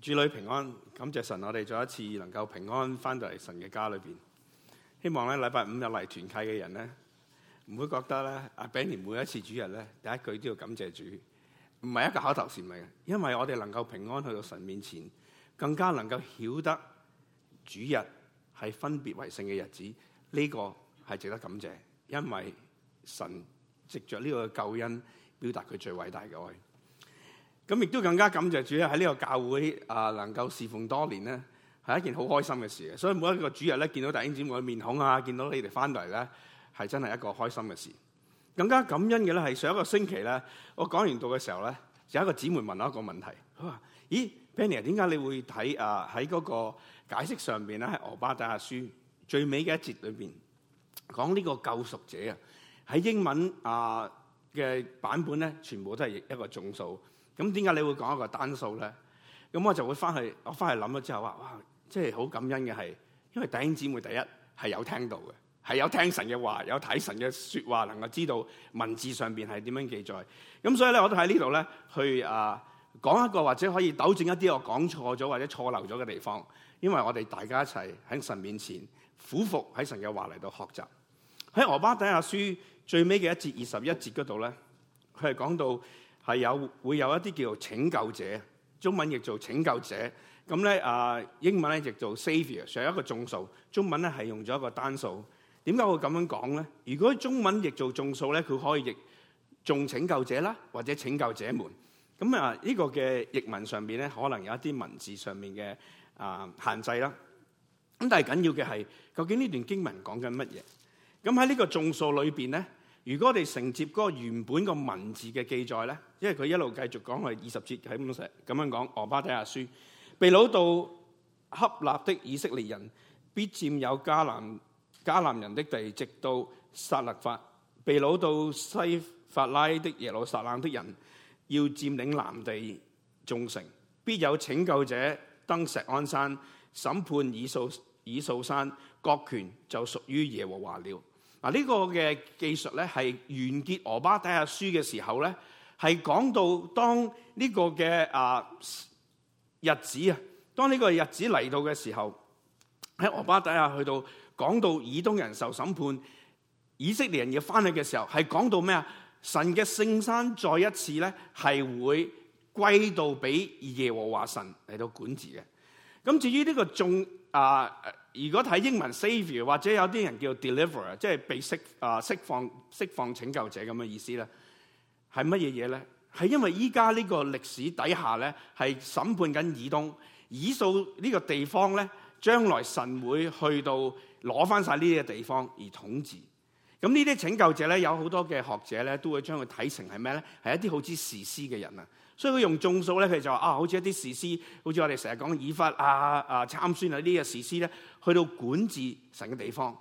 主女平安，感謝神，我哋再一次能夠平安翻到嚟神嘅家裏邊。希望咧禮拜五入嚟團契嘅人咧，唔會覺得咧阿 Benny 每一次主日咧第一句都要感謝主，唔係一個口頭禪嚟嘅，因為我哋能夠平安去到神面前，更加能夠曉得主日係分別為聖嘅日子，呢、這個係值得感謝，因為神藉着呢個救恩表達佢最偉大嘅愛。咁亦都更加感謝主喺呢個教會啊，能夠侍奉多年咧，係一件好開心嘅事。所以每一個主日咧，見到大英姊妹嘅面孔啊，見到你哋翻嚟咧，係真係一個開心嘅事。更加感恩嘅咧，係上一個星期咧，我講完道嘅時候咧，有一個姊妹問我一個問題，佢話：咦，Benny 點解你會睇啊？喺嗰個解釋上邊咧，喺《俄巴底亞書》最尾嘅一節裏邊，講呢個救贖者在啊，喺英文啊嘅版本咧，全部都係一個眾數。咁點解你會講一個單數咧？咁我就會翻去，我翻去諗咗之後話：哇，即係好感恩嘅係，因為弟兄姊妹第一係有聽到嘅，係有聽神嘅話，有睇神嘅説話，能夠知道文字上面係點樣記載。咁所以咧，我都喺呢度咧去啊講一個或者可以糾正一啲我講錯咗或者錯漏咗嘅地方，因為我哋大家一齊喺神面前俯伏喺神嘅話嚟到學習。喺《俄巴底亞書》最尾嘅一節二十一節嗰度咧，佢係講到。係有會有一啲叫做拯救者，中文譯做拯救者，咁咧，啊英文咧譯做 savior，上一個眾數，中文咧係用咗一個單數。點解會咁樣講咧？如果中文譯做眾數咧，佢可以譯眾拯救者啦，或者拯救者們。咁啊呢個嘅譯文上面咧，可能有一啲文字上面嘅啊、呃、限制啦。咁但係緊要嘅係，究竟呢段經文講緊乜嘢？咁喺呢個眾數裏邊咧？如果我哋承接個原本的文字嘅記載咧，因為佢一路繼續講，係二十節喺咁樣講，《俄巴底亞書》，被攞到克納的以色列人必占有迦南迦南人的地，直到撒勒法；被攞到西法拉的耶路撒冷的人要占領南地眾城，必有拯救者登錫安山審判以掃以掃山，國權就屬於耶和華了。嗱、這、呢個嘅技術咧，係完結俄巴底亞書嘅時候咧，係講到當呢個嘅啊日子啊，當呢個日子嚟到嘅時候，喺俄巴底亞去到講到以東人受審判，以色列人要翻去嘅時候，係講到咩啊？神嘅聖山再一次咧，係會歸到俾耶和華神嚟到管治嘅。咁至於呢個眾啊，如果睇英文 savior 或者有啲人叫 deliver 即係被釋啊，釋放釋放拯救者咁嘅意思咧，係乜嘢嘢咧？係因為依家呢個歷史底下咧，係審判緊以東以掃呢個地方咧，將來神會去到攞翻晒呢啲地方而統治。咁呢啲拯救者咧，有好多嘅學者咧，都會將佢睇成係咩咧？係一啲好似士師嘅人啊！所以佢用眾數咧，佢就話啊，好似一啲士師，好似我哋成日講以法啊啊參孫啊呢個士師咧，去到管治成嘅地方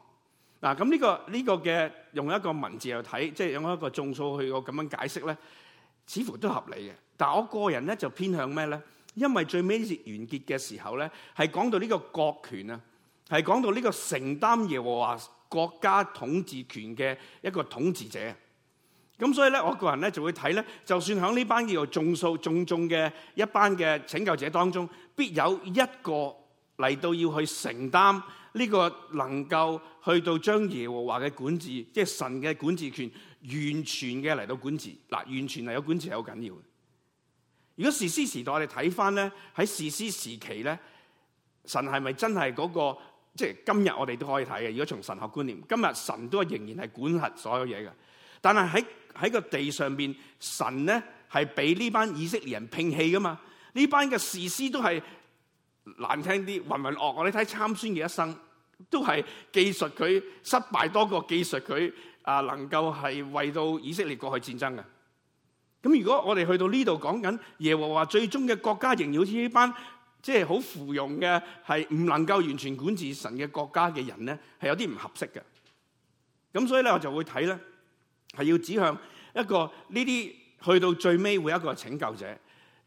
嗱。咁呢個呢個嘅用一個文字去睇，即係用一個眾數去個咁樣解釋咧，似乎都合理嘅。但我個人咧就偏向咩咧？因為最尾完結嘅時候咧，係講到呢個國權啊，係講到呢個承擔耶和華國家統治權嘅一個統治者，咁所以咧，我個人咧就會睇咧，就算喺呢班叫做眾數眾眾嘅一班嘅拯救者當中，必有一個嚟到要去承擔呢個能夠去到將耶和華嘅管治，即係神嘅管治權完全嘅嚟到管治，嗱，完全係有管治係好緊要嘅。如果士師時代我哋睇翻咧，喺士師時期咧，神係咪真係嗰個？即係今日我哋都可以睇嘅。如果從神學觀念，今日神都係仍然係管轄所有嘢嘅。但係喺喺個地上邊，神咧係俾呢班以色列人摒棄噶嘛？呢班嘅士師都係難聽啲，混混噩噩。我哋睇參孫嘅一生，都係技術佢失敗多過技術佢啊，能夠係為到以色列國去戰爭嘅。咁如果我哋去到呢度講緊耶和華最終嘅國家這，仍然好似呢班。即係好腐容嘅，係唔能夠完全管治神嘅國家嘅人咧，係有啲唔合適嘅。咁所以咧，我就會睇咧，係要指向一個呢啲去到最尾會有一個拯救者。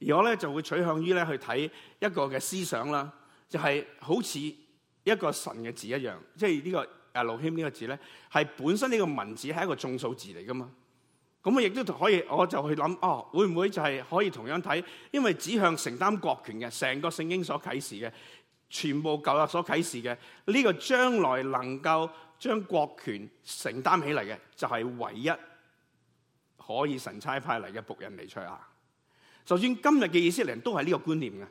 而我咧就會取向於咧去睇一個嘅思想啦，就係、是、好似一個神嘅字一樣，即係呢、這個 Elohim 呢個字咧，係本身呢個文字係一個眾數字嚟㗎嘛。咁我亦都可以，我就去諗啊、哦、會唔會就係可以同樣睇？因為指向承擔國權嘅，成個聖經所啟示嘅，全部舊約所啟示嘅，呢、這個將來能夠將國權承擔起嚟嘅，就係、是、唯一可以神差派嚟嘅僕人彌賽亞。就算今日嘅以色列人都係呢個觀念嘅，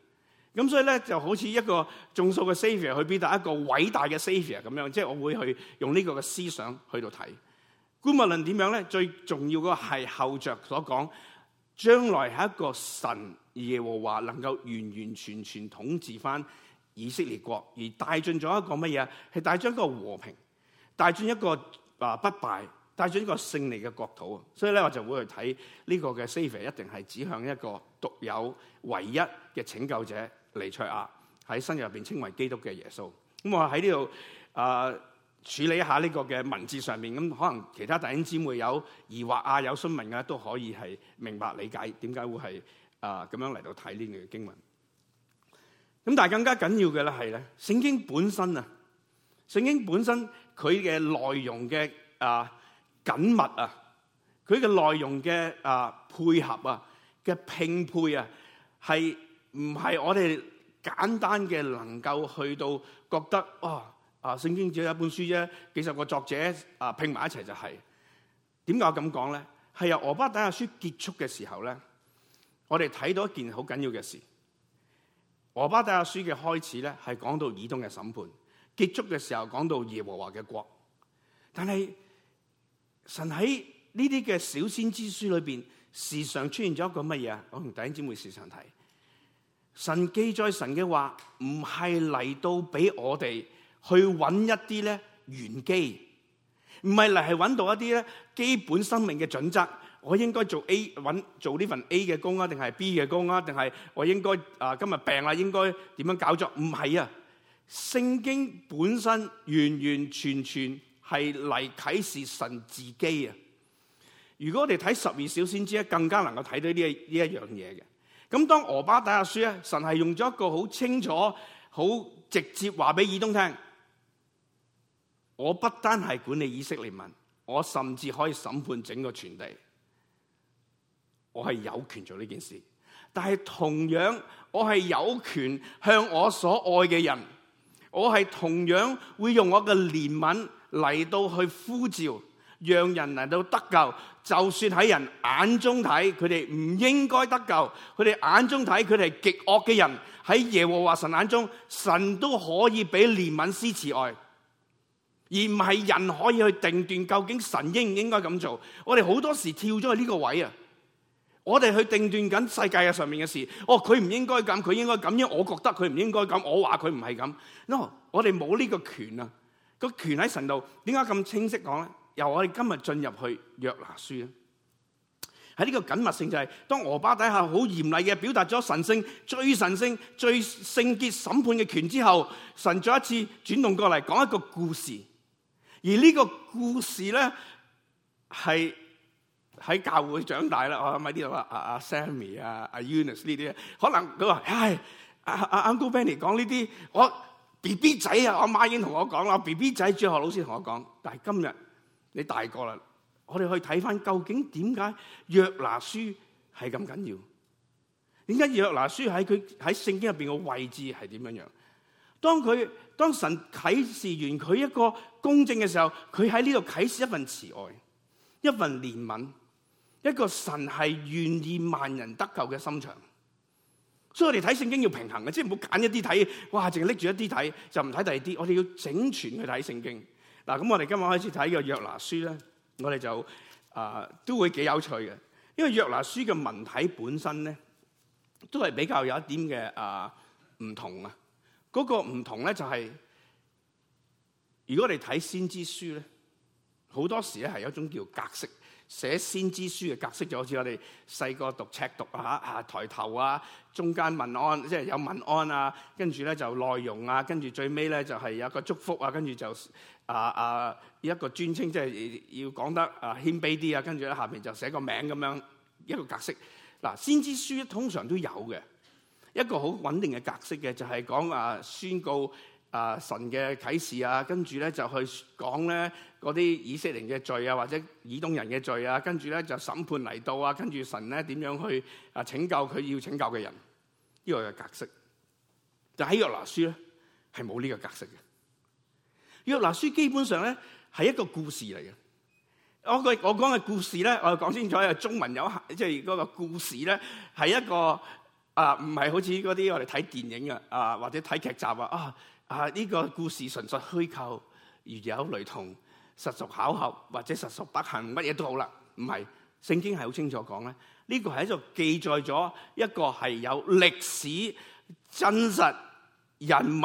咁所以咧就好似一個眾數嘅 Saviour 去變作一個偉大嘅 Saviour 咁樣，即、就、係、是、我會去用呢個嘅思想去到睇。顧物論點樣咧？最重要嘅係後著所講，將來係一個神耶和華能夠完完全全統治翻以色列國，而帶進咗一個乜嘢？係帶進一個和平，帶進一個啊、呃、不敗，帶進一個勝利嘅國土。所以咧，我就會去睇呢、這個嘅 Savior 一定係指向一個獨有、唯一嘅拯救者彌賽亞，喺新約入邊稱為基督嘅耶穌。咁、嗯、我喺呢度啊。呃處理一下呢個嘅文字上面，咁可能其他弟兄姊妹有疑惑啊、有詢問啊，都可以係明白理解點解會係啊咁樣嚟到睇呢類嘅經文。咁但係更加緊要嘅咧係咧，聖經本身啊，聖經本身佢嘅內容嘅啊緊密啊，佢嘅內容嘅啊配合啊嘅拼配啊，係唔係我哋簡單嘅能夠去到覺得哦？聖經只有一本書啫，幾十個作者啊拼埋一齊就係、是。點解我咁講咧？係由俄我《俄巴底亞書》結束嘅時候咧，我哋睇到一件好緊要嘅事。《俄巴底亞書》嘅開始咧係講到以東嘅審判，結束嘅時候講到耶和華嘅國。但係神喺呢啲嘅小先知書裏邊，時常出現咗一個乜嘢啊？我同弟兄姊妹時常睇，神記載神嘅話唔係嚟到俾我哋，去揾一啲咧玄機，唔係嚟係揾到一啲咧基本生命嘅準則。我應該做 A 揾做呢份 A 嘅工啊，定係 B 嘅工啊？定係我應該啊？今日病啦，應該點樣搞作？唔係啊！聖經本身完完全全係嚟啟示神自己啊！如果我哋睇十二小先知咧，更加能夠睇到呢一呢一樣嘢嘅。咁當俄巴底亞書咧，神係用咗一個好清楚、好直接話俾耳東聽。我不單係管理以色列民，我甚至可以審判整個全地。我係有權做呢件事，但係同樣我係有權向我所愛嘅人，我係同樣會用我嘅憐憫嚟到去呼召，讓人嚟到得救。就算喺人眼中睇佢哋唔應該得救，佢哋眼中睇佢哋係極惡嘅人，喺耶和華神眼中，神都可以畀憐憫施慈愛。而唔係人可以去定斷究竟神應唔應該咁做？我哋好多時跳咗去呢個位啊！我哋去定斷緊世界嘅上面嘅事。哦，佢唔應該咁，佢應該咁樣，樣。因為我覺得佢唔應該咁，我話佢唔係咁。no，我哋冇呢個權啊！個權喺神度。點解咁清晰講咧？由我哋今日進入去約拿書啊。喺呢個緊密性就係、是，當俄巴底下好嚴厲嘅表達咗神聖最神聖最聖潔審判嘅權之後，神再一次轉動過嚟講一個故事。而呢個故事咧係喺教會長大啦。我喺呢度阿阿阿 Sammy、阿阿 Eunice 呢啲，可能佢話：唉，阿阿 Uncle Benny 講呢啲，我 B B 仔啊，我媽已經同我講啦。B B 仔最後老師同我講，但係今日你大個啦，我哋去睇翻究竟點解約拿書係咁緊要？點解約拿書喺佢喺聖經入邊個位置係點樣樣？當佢當神啟示完佢一個公正嘅時候，佢喺呢度啟示一份慈愛，一份憐憫，一份憐憫，一個神係願意萬人得救嘅心腸。所以我哋睇聖經要平衡嘅，即係唔好揀一啲睇，哇，淨係拎住一啲睇就唔睇第二啲。我哋要整全去睇聖經。嗱，咁我哋今日開始睇個約拿書咧，我哋就啊、呃、都會幾有趣嘅，因為約拿書嘅文體本身咧都係比較有一點嘅啊唔同啊，嗰個唔同咧就係。如果你睇先知書咧，好多時咧係有一種叫格式寫先知書嘅格式，就好似我哋細個讀尺讀啊吓，抬頭啊中間文案，即係有文案啊，跟住咧就內容啊，跟住最尾咧就係有個祝福啊，跟住就啊啊一個尊稱，即係要講得啊謙卑啲啊，跟住咧下邊就寫個名咁樣一個格式。嗱，先知書通常都有嘅一個好穩定嘅格式嘅，就係講啊宣告。啊！神嘅啟示啊，跟住咧就去講咧嗰啲以色列嘅罪啊，或者以東人嘅罪啊，跟住咧就審判嚟到啊，跟住神咧點樣去啊拯救佢要拯救嘅人？呢個嘅格式，就喺約拿書咧係冇呢個格式嘅。約拿書基本上咧係一個故事嚟嘅。我嘅我講嘅故事咧，我講清楚啊，中文有即係嗰個故事咧係一個啊，唔係好似嗰啲我哋睇電影啊啊或者睇劇集啊啊。啊！呢個故事純屬虛構，如有雷同，實屬巧合或者實屬不幸，乜嘢都好啦。唔係聖經係好清楚講咧，呢個係喺度記載咗一個係有歷史真實人物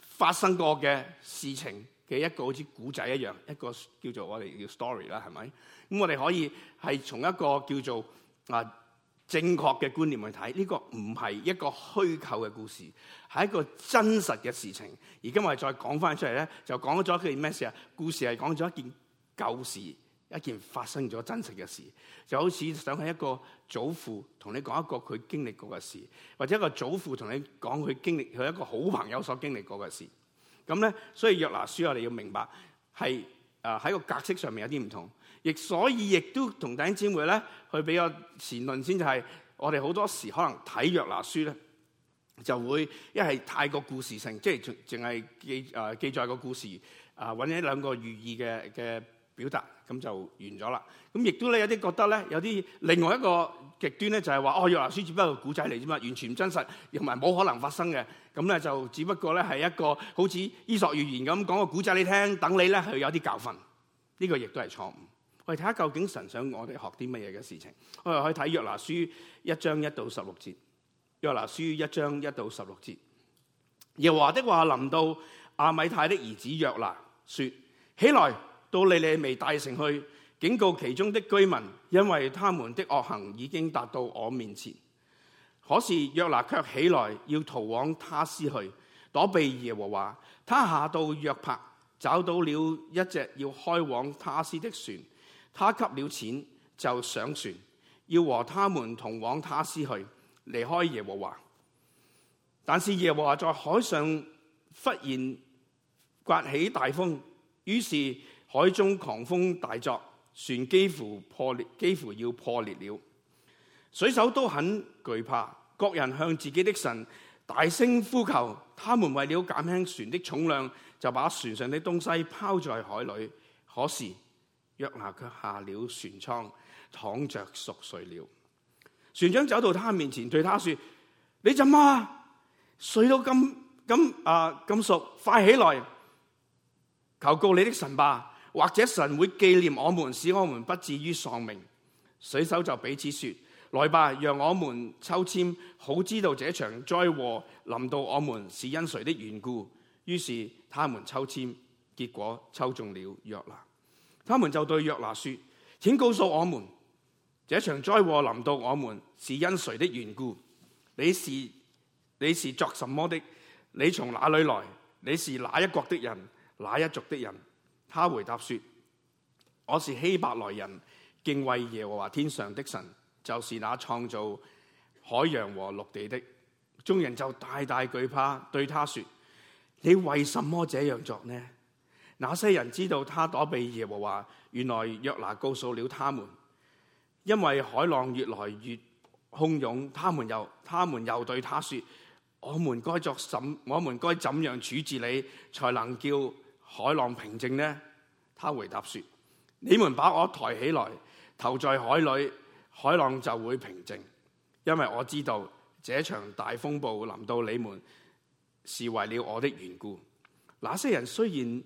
發生過嘅事情嘅一個好似古仔一樣，一個叫做我哋叫 story 啦，係咪？咁我哋可以係從一個叫做啊正確嘅觀念去睇，呢、這個唔係一個虛構嘅故事，係一個真實嘅事情。而今日再講翻出嚟咧，就講咗一件咩事啊？故事係講咗一件舊事，一件發生咗真實嘅事。就好似想起一個祖父同你講一個佢經歷過嘅事，或者一個祖父同你講佢經歷佢一個好朋友所經歷過嘅事。咁咧，所以約拿書我哋要明白係啊喺個格式上面有啲唔同。亦所以，亦都同弟兄姊妹咧，去比較前論先，就係、是、我哋好多時可能睇《約拿書》咧，就會一係太過故事性，即係淨係記啊、呃、記載個故事啊，揾、呃、一兩個寓意嘅嘅表達，咁就完咗啦。咁亦都咧有啲覺得咧，有啲另外一個極端咧，就係、是、話哦，《約拿書》只不過古仔嚟啫嘛，完全唔真實，同埋冇可能發生嘅。咁咧就只不過咧係一個好似伊索寓言咁講個古仔你聽，等你咧去有啲教訓。呢、這個亦都係錯誤。我睇下究竟神想我哋學啲乜嘢，嘅事情我看，我哋去睇約拿書一章一到十六節。約拿書一章一到十六節，耶和華的話臨到亞米太的兒子約拿，說：起來，到尼尼微大城去警告其中的居民，因為他們的惡行已經達到我面前。可是約拿卻起來要逃往他施去躲避耶和華，他下到約帕，找到了一隻要開往他施的船。他給了錢就上船，要和他們同往他施去，離開耶和華。但是耶和華在海上忽然刮起大風，於是海中狂風大作，船幾乎破裂，幾乎要破裂了。水手都很懼怕，各人向自己的神大聲呼求。他們為了減輕船的重量，就把船上的東西拋在海裏。可是，約拿卻下了船艙，躺着熟睡了。船長走到他面前，對他說：你怎啊睡到咁咁啊咁熟？快起來！求告你的神吧，或者神會紀念我們，使我們不至於喪命。水手就彼此說：來吧，讓我們抽籤，好知道這場災禍臨到我們是因誰的緣故。於是他們抽籤，結果抽中了約拿。他們就對約拿說：請告訴我們，這場災禍臨到我們是因誰的緣故？你是你是作什麼的？你從哪裏來？你是哪一國的人？哪一族的人？他回答說：我是希伯來人，敬畏耶和華天上的神，就是那創造海洋和陸地的。眾人就大大懼怕，對他說：你為什麼這樣作呢？那些人知道他躲避耶和華，原來約拿告訴了他們，因為海浪越來越洶湧，他們又他們又對他說：我們該作什我們該怎樣處置你，才能叫海浪平靜呢？他回答說：你們把我抬起來，投在海裏，海浪就會平靜，因為我知道這場大風暴臨到你們是為了我的緣故。那些人雖然，.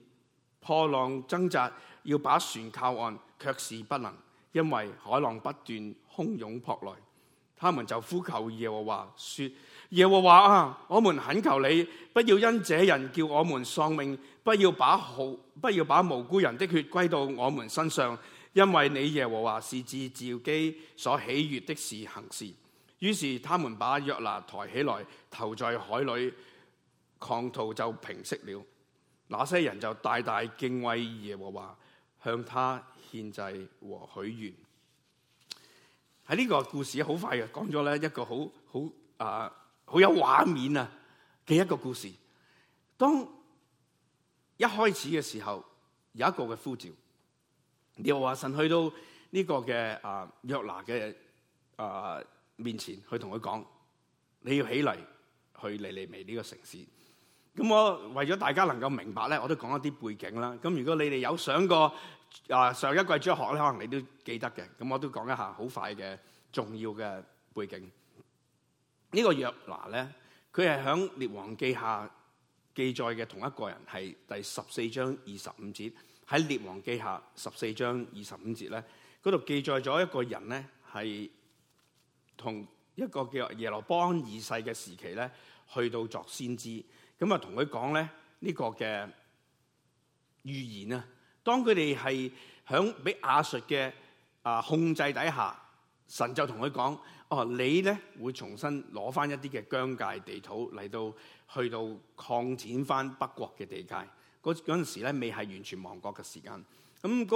破浪掙扎，要把船靠岸，卻是不能，因為海浪不斷洶湧撲來。他們就呼求耶和華說：耶和華啊，我們懇求你，不要因這人叫我們喪命，不要把毫不要把無辜人的血歸到我們身上，因為你耶和華是照自己所喜悅的事行事。於是他們把約拿抬起來，投在海裏，狂濤就平息了。那些人就大大敬畏耶和華，向他獻祭和許願。喺呢個故事好快啊，講咗咧一個好好啊，好有畫面啊嘅一個故事。當一開始嘅時候，有一個嘅呼召，耶和華神去到呢個嘅啊、呃、約拿嘅啊、呃、面前，去同佢講，你要起嚟去尼尼微呢個城市。咁我為咗大家能夠明白咧，我都講一啲背景啦。咁如果你哋有上過啊、呃、上一季主學咧，可能你都記得嘅。咁我都講一下好快嘅重要嘅背景。這個、呢個約拿咧，佢係喺《列王記下》記載嘅同一個人，係第十四章二十五節，喺《列王記下》十四章二十五節咧，嗰度記載咗一個人咧係同一個叫耶羅波安二世嘅時期咧，去到作先知。咁啊，同佢講咧呢個嘅預言啊，當佢哋係響俾亞述嘅啊控制底下，神就同佢講：哦，你咧會重新攞翻一啲嘅疆界地土嚟到，去到擴展翻北國嘅地界。嗰嗰陣時咧，未係完全亡國嘅時間。咁嗰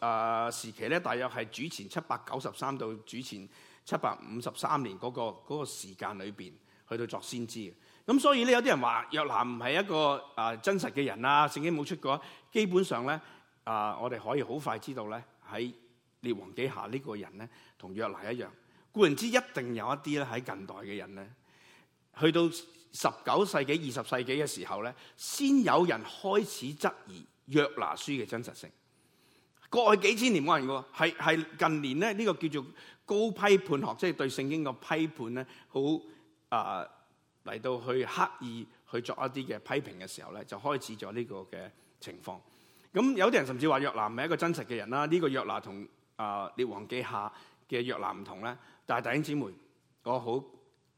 個啊時期咧，大約係主前七百九十三到主前七百五十三年嗰個嗰個時間裏邊，去到作先知嘅。咁所以咧，有啲人話約拿唔係一個啊真實嘅人啊。聖經冇出過。基本上咧，啊，我哋可以好快知道咧，喺列王記下呢個人咧，同約拿一樣。固然之，一定有一啲咧喺近代嘅人咧，去到十九世紀、二十世紀嘅時候咧，先有人開始質疑約拿書嘅真實性。過去幾千年冇人喎，係係近年咧，呢、這個叫做高批判學，即、就、係、是、對聖經嘅批判咧，好、呃、啊。嚟到去刻意去作一啲嘅批評嘅時候咧，就開始咗呢個嘅情況。咁有啲人甚至話約拿唔係一個真實嘅人啦。呢、呢個約拿同啊列王記下嘅約拿唔同咧。但係弟兄姊妹，我好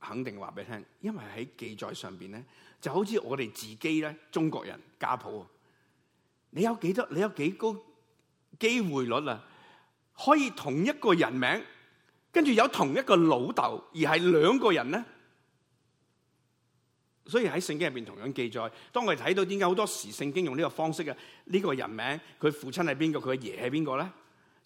肯定話俾你聽，因為喺記載上邊咧，就好似我哋自己咧，中國人家譜，啊，你有幾多？你有幾高機會率啊？可以同一個人名，跟住有同一個老豆而係兩個人咧？所以喺聖經入邊同樣記載，當我哋睇到點解好多時聖經用呢個方式嘅呢個人名，佢父親係邊個，佢嘅爺係邊個咧，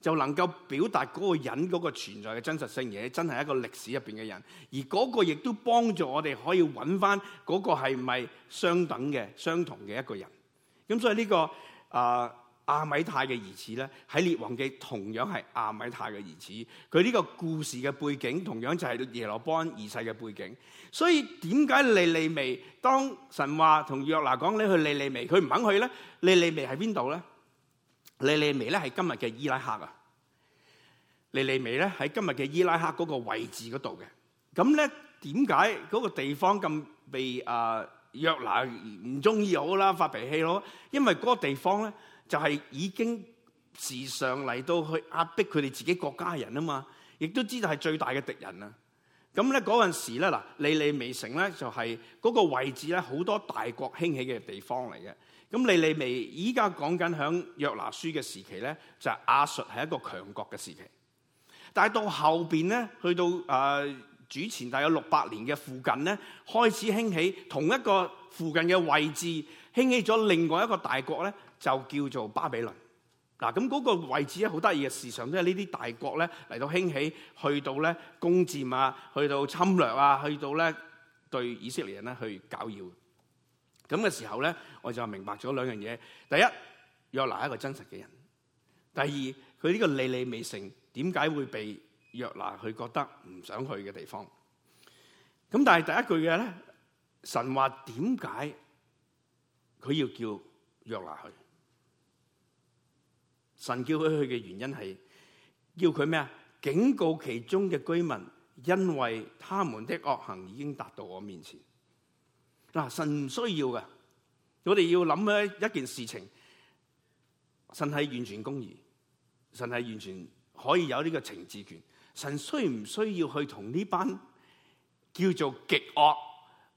就能夠表達嗰個人嗰個存在嘅真實性，而真係一個歷史入邊嘅人，而嗰個亦都幫助我哋可以揾翻嗰個係咪相等嘅、相同嘅一個人。咁所以呢個啊。呃亞米太嘅兒子咧，喺列王記同樣係亞米太嘅兒子。佢呢個故事嘅背景同樣就係耶羅波安二世嘅背景。所以點解利利微當神話同約拿講你去利利微，佢唔肯去咧？利利微喺邊度咧？利利微咧係今日嘅伊拉克啊！利利微咧喺今日嘅伊拉克嗰個位置嗰度嘅。咁咧點解嗰個地方咁被啊、呃、約拿唔中意好啦，發脾氣咯？因為嗰個地方咧。就係、是、已經時常嚟到去壓迫佢哋自己國家人啊嘛，亦都知道係最大嘅敵人啊。咁咧嗰陣時咧嗱，尼尼微城咧就係、是、嗰個位置咧，好多大國興起嘅地方嚟嘅。咁尼尼微依家講緊響約拿書嘅時期咧，就係、是、亞述係一個強國嘅時期。但係到後邊咧，去到誒、呃、主前大約六百年嘅附近咧，開始興起同一個附近嘅位置興起咗另外一個大國咧。就叫做巴比倫嗱，咁、那、嗰個位置咧好得意嘅，時常都係呢啲大國咧嚟到興起，去到咧攻佔啊，去到侵略啊，去到咧對以色列人咧去搞擾。咁嘅時候咧，我就明白咗兩樣嘢：第一，約拿係一個真實嘅人；第二，佢呢個尼尼微城點解會被約拿去覺得唔想去嘅地方？咁但係第一句嘅咧，神話點解佢要叫約拿去？神叫佢去嘅原因係，叫佢咩啊？警告其中嘅居民，因為他們的惡行已經達到我面前。嗱，神唔需要嘅，我哋要諗嘅一件事情，神係完全公義，神係完全可以有呢個懲治權。神需唔需要去同呢班叫做極惡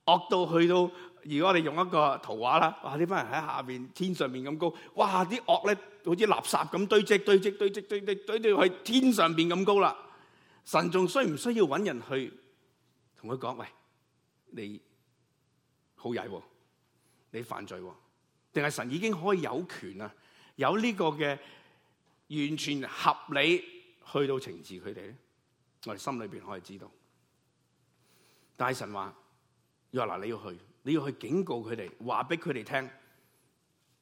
惡到去到？而我哋用一個圖畫啦，哇！呢班人喺下邊，天上面咁高，哇！啲惡咧，好似垃圾咁堆積、堆積、堆積、堆積，堆到去天上面咁高啦。神仲需唔需要揾人去同佢講？喂，你好曳，你犯罪，定係神已經可以有權啊，有呢個嘅完全合理去到懲治佢哋咧？我哋心裏邊可以知道。大神話，若話嗱你要去。你要去警告佢哋，話俾佢哋聽，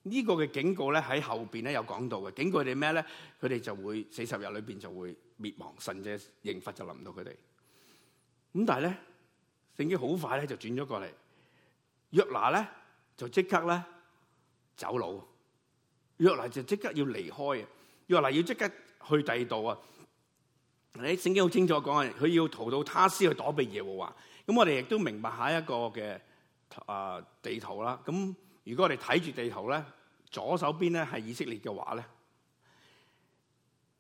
呢個嘅警告咧喺後邊咧有講到嘅，警告佢哋咩咧？佢哋就會四十日裏邊就會滅亡，甚至刑罰就臨到佢哋。咁但係咧，聖經好快咧就轉咗過嚟，約拿咧就即刻咧走佬，約拿就即刻要離開，約拿要即刻去第二度啊！誒，聖經好清楚講啊，佢要逃到他施去躲避耶和華。咁我哋亦都明白下一個嘅。啊，地圖啦，咁如果我哋睇住地圖咧，左手邊咧係以色列嘅話咧，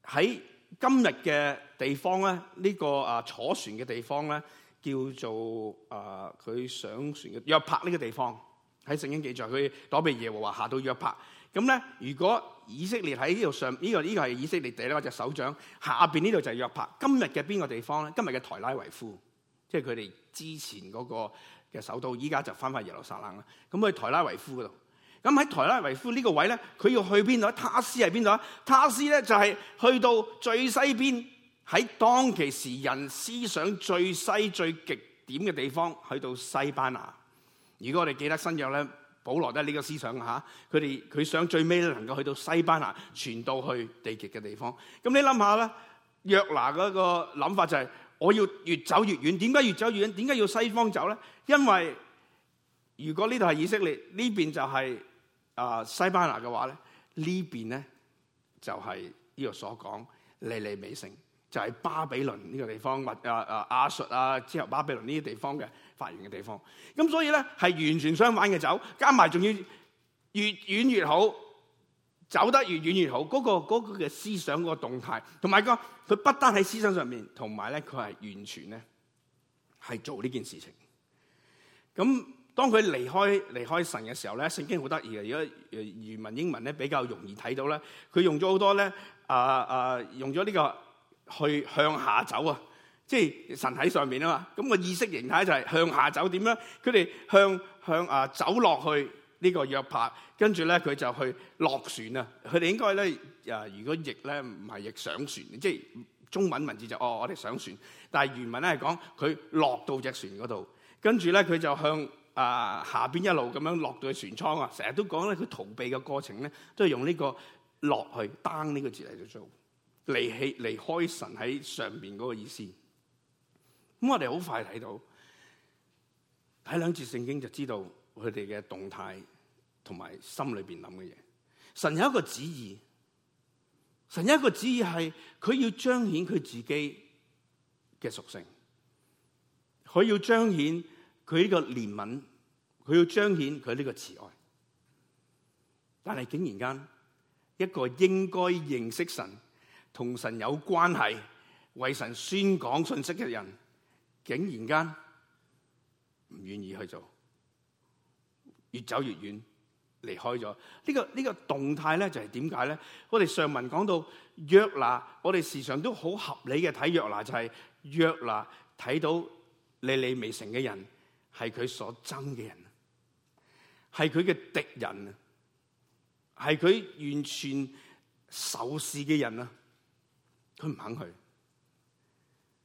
喺今日嘅地方咧，呢、這個啊坐船嘅地方咧，叫做啊佢、呃、上船嘅約帕呢個地方，喺聖經記載佢躲避耶和華下到約帕。咁咧，如果以色列喺呢度上呢、這個呢、這個係以色列地咧，隻手掌下邊呢度就係約帕。今日嘅邊個地方咧？今日嘅台拉維夫，即係佢哋之前嗰、那個。嘅首都，依家就翻返耶路撒冷啦。咁去台拉維夫嗰度。咁喺台拉維夫呢個位咧，佢要去邊度？塔斯係邊度？塔斯咧就係去到最西邊，喺當其時人思想最西最極點嘅地方，去到西班牙。如果我哋記得新約咧，保羅都係呢個思想嚇。佢哋佢想最尾能夠去到西班牙，傳到去地極嘅地方。咁你諗下咧，約拿嗰個諗法就係、是。我要越走越遠，點解越走越遠？點解要西方走咧？因為如果呢度係以色列，呢邊就係啊西班牙嘅話咧，呢邊咧就係呢個所講利利美城，就係、是、巴比倫呢個地方，啊啊亞述啊之後巴比倫呢啲地方嘅發源嘅地方。咁所以咧係完全相反嘅走，加埋仲要越遠越，越好。走得越遠越好，嗰個嗰個嘅思想個動態，同埋個佢不單喺思想上面，同埋咧佢係完全咧係做呢件事情。咁當佢離開離開神嘅時候咧，聖經好得意嘅。如果漁文英文咧比較容易睇到咧，佢用咗好多咧啊啊，用咗呢個去向下走啊，即係神喺上面啊嘛。咁個意識形態就係向下走，點咧？佢哋向向啊走落去。呢、這個約帕，跟住咧佢就去落船啊！佢哋應該咧，啊，如果譯咧唔係譯上船，即係中文文字就是、哦，我哋上船。但係原文咧係講佢落到隻船嗰度，跟住咧佢就向啊、呃、下邊一路咁樣落到去船艙啊！成日都講咧佢逃避嘅過程咧，都係用呢、這個落去 down 呢個字嚟嚟做離棄離開神喺上邊嗰個意思。咁我哋好快睇到睇兩節聖經就知道佢哋嘅動態。同埋心裏邊諗嘅嘢，神有一個旨意，神有一個旨意係佢要彰顯佢自己嘅屬性，佢要彰顯佢呢個憐憫，佢要彰顯佢呢個慈愛。但係竟然間一個應該認識神、同神有關係、為神宣講信息嘅人，竟然間唔願意去做，越走越遠。離開咗呢、呢個呢、呢個動態咧就係點解咧？我哋上文講到約拿，我哋時常都好合理嘅睇約,約拿，就係約拿睇到尼尼微城嘅人，係佢所憎嘅人，係佢嘅敵人，係佢完全仇視嘅人啊！佢唔肯去，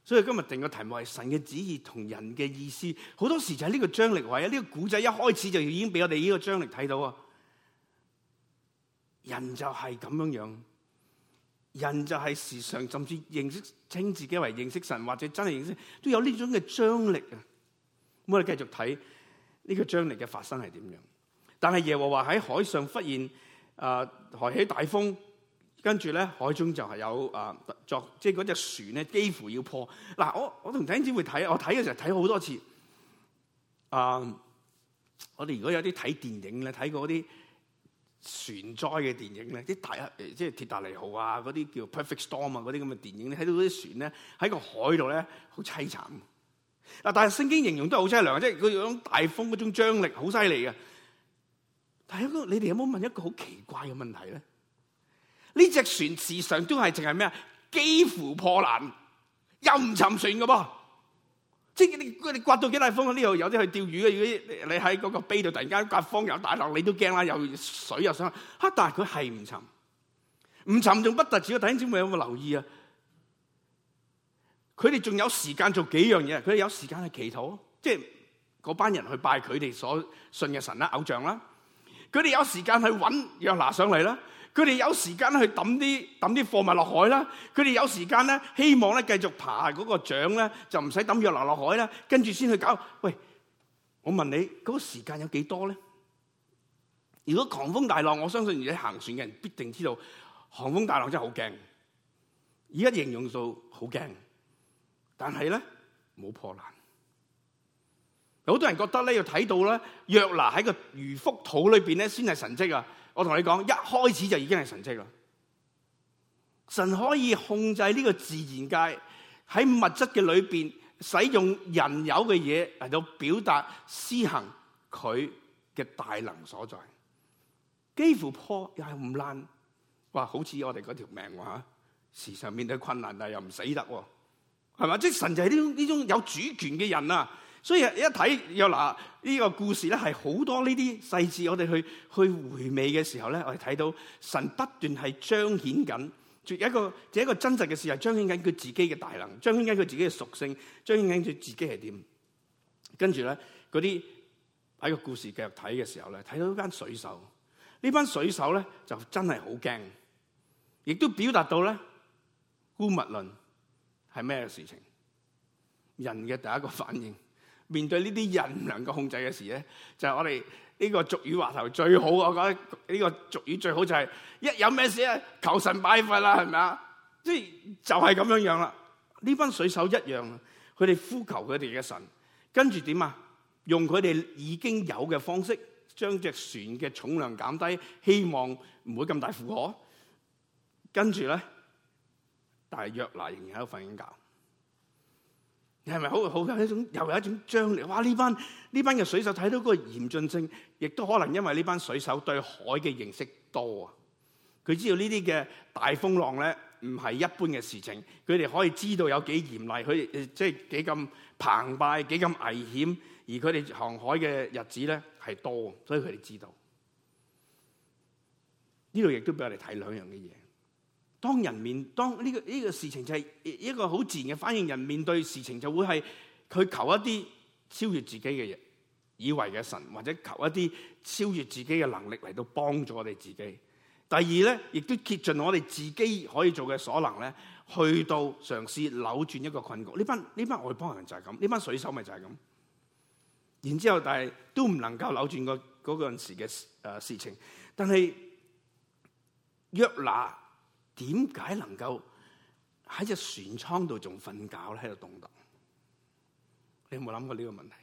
所以今日定個題目係神嘅旨意同人嘅意思，好多時就係呢個張力位啊，呢個古仔一開始就已經俾我哋呢個張力睇到啊！人就係咁樣樣，人就係時常甚至認識稱自己為認識神，或者真係認識，都有呢種嘅張力啊！咁我哋繼續睇呢、這個張力嘅發生係點樣？但係耶和華喺海上忽然啊，海、呃、起大風，跟住咧海中就係有啊、呃、作，即係嗰隻船咧幾乎要破。嗱，我我同弟兄姊妹睇，我睇嘅時候睇好多次。啊、呃，我哋如果有啲睇電影咧，睇過啲。船災嘅電影咧，啲大即係鐵達尼號啊，嗰啲叫 Perfect Storm 啊，嗰啲咁嘅電影咧，睇到啲船咧喺個海度咧好凄慘。嗱，但係聖經形容都係好凄涼，即係嗰種大風嗰種張力好犀利啊。但係，你哋有冇問一個好奇怪嘅問題咧？呢隻船時常都係淨係咩啊？幾乎破爛，又唔沉船㗎噃。即係你，你刮到幾大風？呢度有啲去釣魚嘅。如果你你喺嗰個碑度突然間刮風又大浪，你都驚啦。又水又上，哈！但係佢係唔沉，唔沉仲，不特止。弟兄姊妹有冇留意啊？佢哋仲有時間做幾樣嘢？佢哋有時間去祈禱，即係嗰班人去拜佢哋所信嘅神啦、偶像啦。佢哋有時間去揾約拿上嚟啦。佢哋有時間去抌啲抌啲貨物落海啦，佢哋有時間咧希望咧繼續爬嗰個槳咧，就唔使抌約拿落海啦，跟住先去搞。喂，我問你嗰、那個時間有幾多咧？如果狂風大浪，我相信而家行船嘅人必定知道，狂風大浪真係好驚。而家形容到好驚，但係咧冇破爛。好多人覺得咧要睇到咧約拿喺個魚腹肚裏邊咧先係神蹟啊！我同你講，一開始就已經係神蹟啦。神可以控制呢個自然界喺物質嘅裏邊，使用人有嘅嘢嚟到表達施行佢嘅大能所在。幾乎破又係唔爛，哇！好似我哋嗰條命吓、啊，時常面對困難，但又唔死得，係、啊、咪？即係神就係呢呢種有主權嘅人啊！所以一睇約拿呢個故事咧，係好多呢啲細節，我哋去去回味嘅時候咧，我哋睇到神不斷係彰顯緊，一個這一個真實嘅事係彰顯緊佢自己嘅大能，彰顯緊佢自己嘅屬性，彰顯緊佢自己係點。跟住咧，嗰啲喺個故事繼續睇嘅時候咧，睇到一班水手，呢班水手咧就真係好驚，亦都表達到咧，姑勿論係咩事情，人嘅第一個反應。面對呢啲人唔能夠控制嘅事咧，就係、是、我哋呢個俗語話頭最好，我覺得呢個俗語最好就係、是、一有咩事咧，求神拜佛啦，係咪啊？即係就係、是、咁樣樣啦。呢班水手一樣，佢哋呼求佢哋嘅神，跟住點啊？用佢哋已經有嘅方式，將隻船嘅重量減低，希望唔會咁大負荷。跟住咧，但係約拿仍然喺度瞓緊覺。係咪好好嘅一種，又有一種張力？哇！呢班呢班嘅水手睇到嗰個嚴峻性，亦都可能因為呢班水手對海嘅認識多啊。佢知道呢啲嘅大風浪咧，唔係一般嘅事情。佢哋可以知道有幾嚴厲，佢哋即係幾咁澎湃，幾咁危險。而佢哋航海嘅日子咧係多，所以佢哋知道呢度亦都俾我哋睇兩樣嘅嘢。當人面，當呢個呢個事情就係一個好自然嘅反應。人面對事情就會係佢求一啲超越自己嘅嘢，以為嘅神或者求一啲超越自己嘅能力嚟到幫助我哋自己。第二咧，亦都竭盡我哋自己可以做嘅所能咧，去到嘗試扭轉一個困局。呢班呢班外邦人就係咁，呢班水手咪就係咁。然之後但係都唔能夠扭轉那個嗰陣時嘅誒事情，但係約拿。點解能夠喺隻船艙度仲瞓覺咧？喺度動盪，你有冇諗過呢個問題？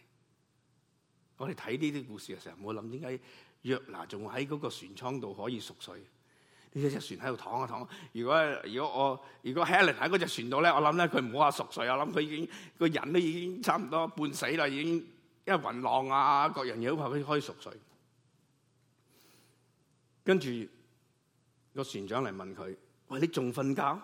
我哋睇呢啲故事嘅時候，冇諗點解約拿仲喺嗰個船艙度可以熟睡？呢隻船喺度躺一躺。如果如果我如果 Helen 喺嗰隻船度咧，我諗咧，佢唔好話熟睡，我諗佢已經個人都已經差唔多半死啦，已經因為暈浪啊各樣嘢，都怕佢可以熟睡。跟住個船長嚟問佢。喂，你仲瞓覺？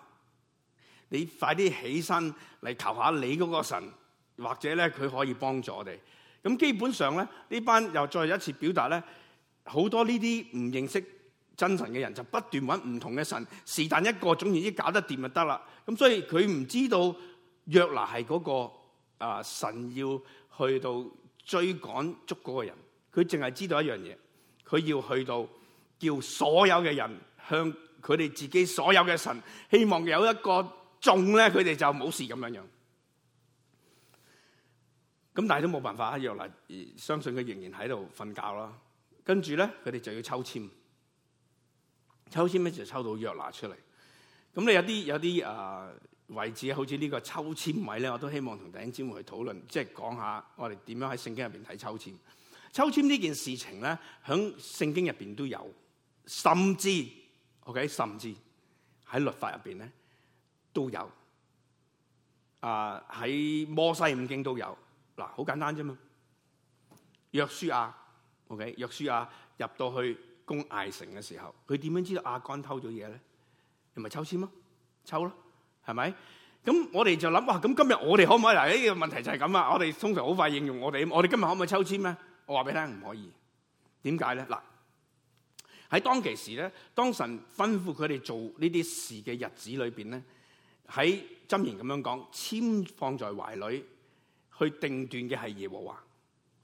你快啲起身嚟，求下你嗰個神，或者咧佢可以幫助我哋。咁基本上咧，呢班又再一次表達咧，好多呢啲唔認識真神嘅人就不斷揾唔同嘅神，是但一個，總之搞得掂就得啦。咁所以佢唔知道約拿係嗰個啊神要去到追趕捉嗰個人，佢淨係知道一樣嘢，佢要去到叫所有嘅人向。佢哋自己所有嘅神，希望有一個眾咧，佢哋就冇事咁樣樣。咁但係都冇辦法，約拿相信佢仍然喺度瞓覺啦。跟住咧，佢哋就要抽簽，抽簽咧就抽到約拿出嚟。咁你有啲有啲誒、呃、位置，好似呢個抽簽位咧，我都希望同弟兄姐妹去討論，即係講下我哋點樣喺聖經入邊睇抽簽。抽簽呢件事情咧，喺聖經入邊都有，甚至。OK，甚至喺律法入邊咧都有，啊喺摩西五經都有，嗱好簡單啫嘛。約書亞，OK，約書亞入到去攻艾城嘅時候，佢點樣知道亞干偷咗嘢咧？你咪抽籤咯，抽咯，係咪？咁我哋就諗哇，咁今日我哋可唔可以嚟？呢個問題就係咁啊！我哋通常好快應用我哋，我哋今日可唔可以抽籤咧？我話俾你聽，唔可以。點解咧？嗱。喺當其時咧，當神吩咐佢哋做呢啲事嘅日子裏邊咧，喺箴言咁樣講，簽放在懷裏去定斷嘅係耶和華。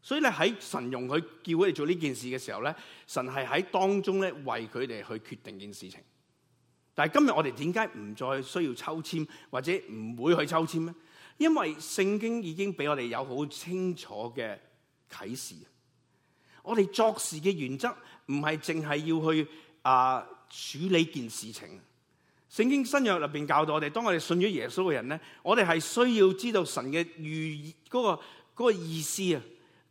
所以咧，喺神用佢叫佢哋做呢件事嘅時候咧，神係喺當中咧為佢哋去決定件事情。但係今日我哋點解唔再需要抽簽或者唔會去抽簽咧？因為聖經已經俾我哋有好清楚嘅啟示，我哋作事嘅原則。唔係淨係要去啊處理件事情。聖經新約入邊教導我哋，當我哋信咗耶穌嘅人咧，我哋係需要知道神嘅預嗰個嗰個意思啊，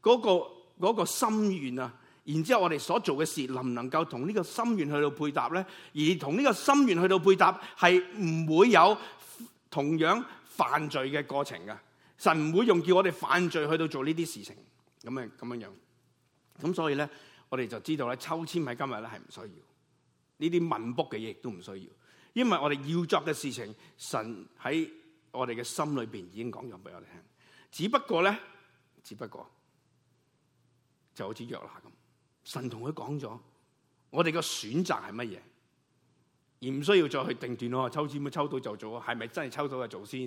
嗰個嗰個心願啊。然之後我哋所做嘅事能唔能夠同呢個心願去到配搭咧？而同呢個心願去到配搭，係唔會有同樣犯罪嘅過程噶。神唔會用叫我哋犯罪去到做呢啲事情。咁啊，咁樣樣。咁所以咧。我哋就知道咧，抽籤喺今日咧係唔需要呢啲民卜嘅嘢，亦都唔需要。因為我哋要作嘅事情，神喺我哋嘅心裏邊已經講咗俾我哋聽。只不過咧，只不過就好似約拿咁，神同佢講咗，我哋嘅選擇係乜嘢，而唔需要再去定斷咯。抽籤，咪抽到就做，係咪真係抽到就做先？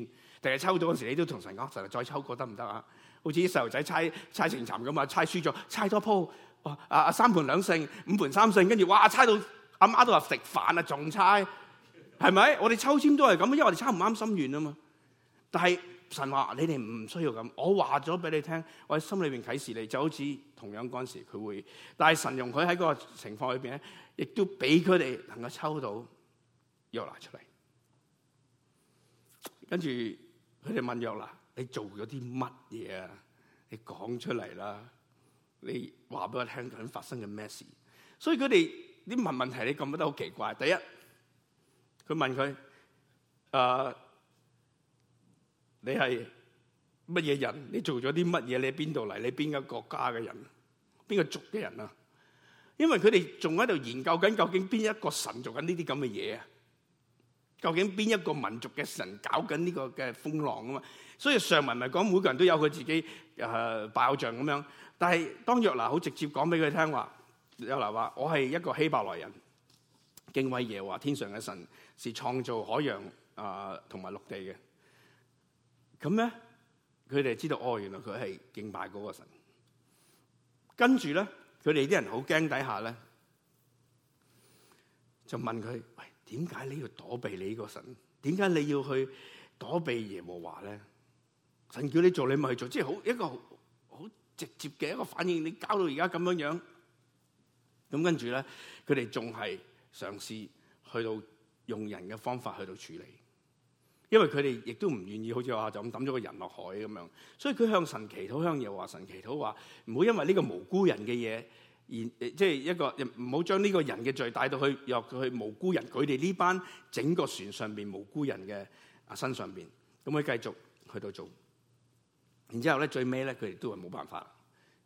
定係抽到嗰時候你都同神講，神再抽過得唔得啊？好似啲細路仔猜猜情尋咁啊猜輸咗，猜多鋪。啊！三盤兩勝，五盤三勝，跟住哇，猜到阿媽都話食飯啊，仲猜係咪？我哋抽簽都係咁，因為我哋猜唔啱心願啊嘛。但係神話你哋唔需要咁，我話咗俾你聽，我喺心裏邊啟示你，就好似同樣嗰陣時佢會。但係神用佢喺嗰個情況裏邊咧，亦都俾佢哋能夠抽到約拿出嚟。跟住佢哋問約拿：你做咗啲乜嘢啊？你講出嚟啦！你話俾我聽緊發生緊咩事？所以佢哋啲問問題，你咁覺得好奇怪。第一，佢問佢啊，你係乜嘢人？你做咗啲乜嘢？你喺邊度嚟？你邊個國家嘅人？邊個族嘅人啊？因為佢哋仲喺度研究緊，究竟邊一個神做緊呢啲咁嘅嘢啊？究竟邊一個民族嘅神搞緊呢個嘅風浪啊嘛，所以上文咪講每個人都有佢自己誒爆仗咁樣。但係當約拿好直接講俾佢聽話，約拿話：我係一個希伯來人，敬畏耶和華天上嘅神，是創造海洋啊同埋陸地嘅。咁咧，佢哋知道哦，原來佢係敬拜嗰個神。跟住咧，佢哋啲人好驚底下咧，就問佢：喂，點解你要躲避你呢個神？點解你要去躲避耶和華咧？神叫你做，你咪去做，即係好一個。直接嘅一個反應，你搞到而家咁樣樣，咁跟住咧，佢哋仲係嘗試去到用人嘅方法去到處理，因為佢哋亦都唔願意，好似話就咁抌咗個人落海咁樣，所以佢向神祈禱，向耶和華神祈禱，話唔好因為呢個無辜人嘅嘢，而即係、就是、一個唔好將呢個人嘅罪帶到又去若佢無辜人，佢哋呢班整個船上面無辜人嘅身上邊，咁佢繼續去到做。然之後咧，最尾咧，佢哋都係冇辦法啦。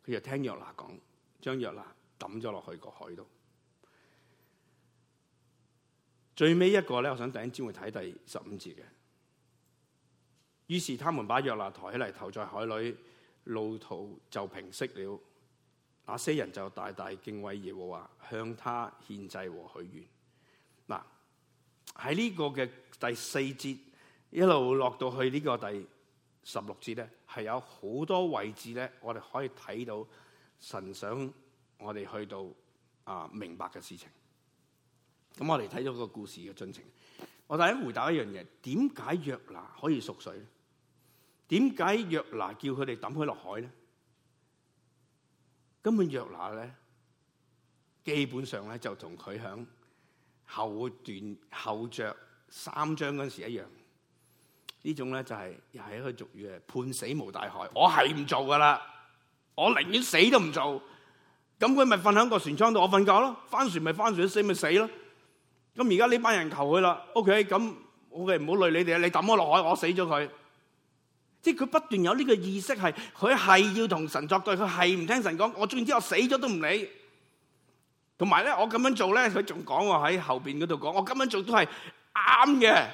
佢就聽約拿講，將約拿抌咗落去個海度。最尾一個咧，我想第一先會睇第十五節嘅。於是他們把約拿抬起嚟，投在海裏，怒濤就平息了。那些人就大大敬畏耶和華，向他獻祭和許願。嗱，喺呢個嘅第四節，一路落到去呢個第。十六節咧，係有好多位置咧，我哋可以睇到神想我哋去到啊明白嘅事情。咁我哋睇咗個故事嘅進程，我第一回答一樣嘢：點解約拿可以熟睡咧？點解約拿叫佢哋抌佢落海咧？根本約拿咧，基本上咧就同佢響後段後著三章嗰陣時一樣。呢種咧就係又係一個俗語嘅判死無大害，我係唔做噶啦，我寧願死都唔做。咁佢咪瞓響個船艙度，我瞓覺咯。翻船咪翻船，死咪死咯。咁而家呢班人求佢啦，OK，咁 OK，唔好累你哋啊，你抌我落海，我死咗佢。即係佢不斷有呢個意識係，佢係要同神作對，佢係唔聽神講。我總之我死咗都唔理。同埋咧，我咁樣做咧，佢仲講我喺後邊嗰度講，我咁樣做都係啱嘅。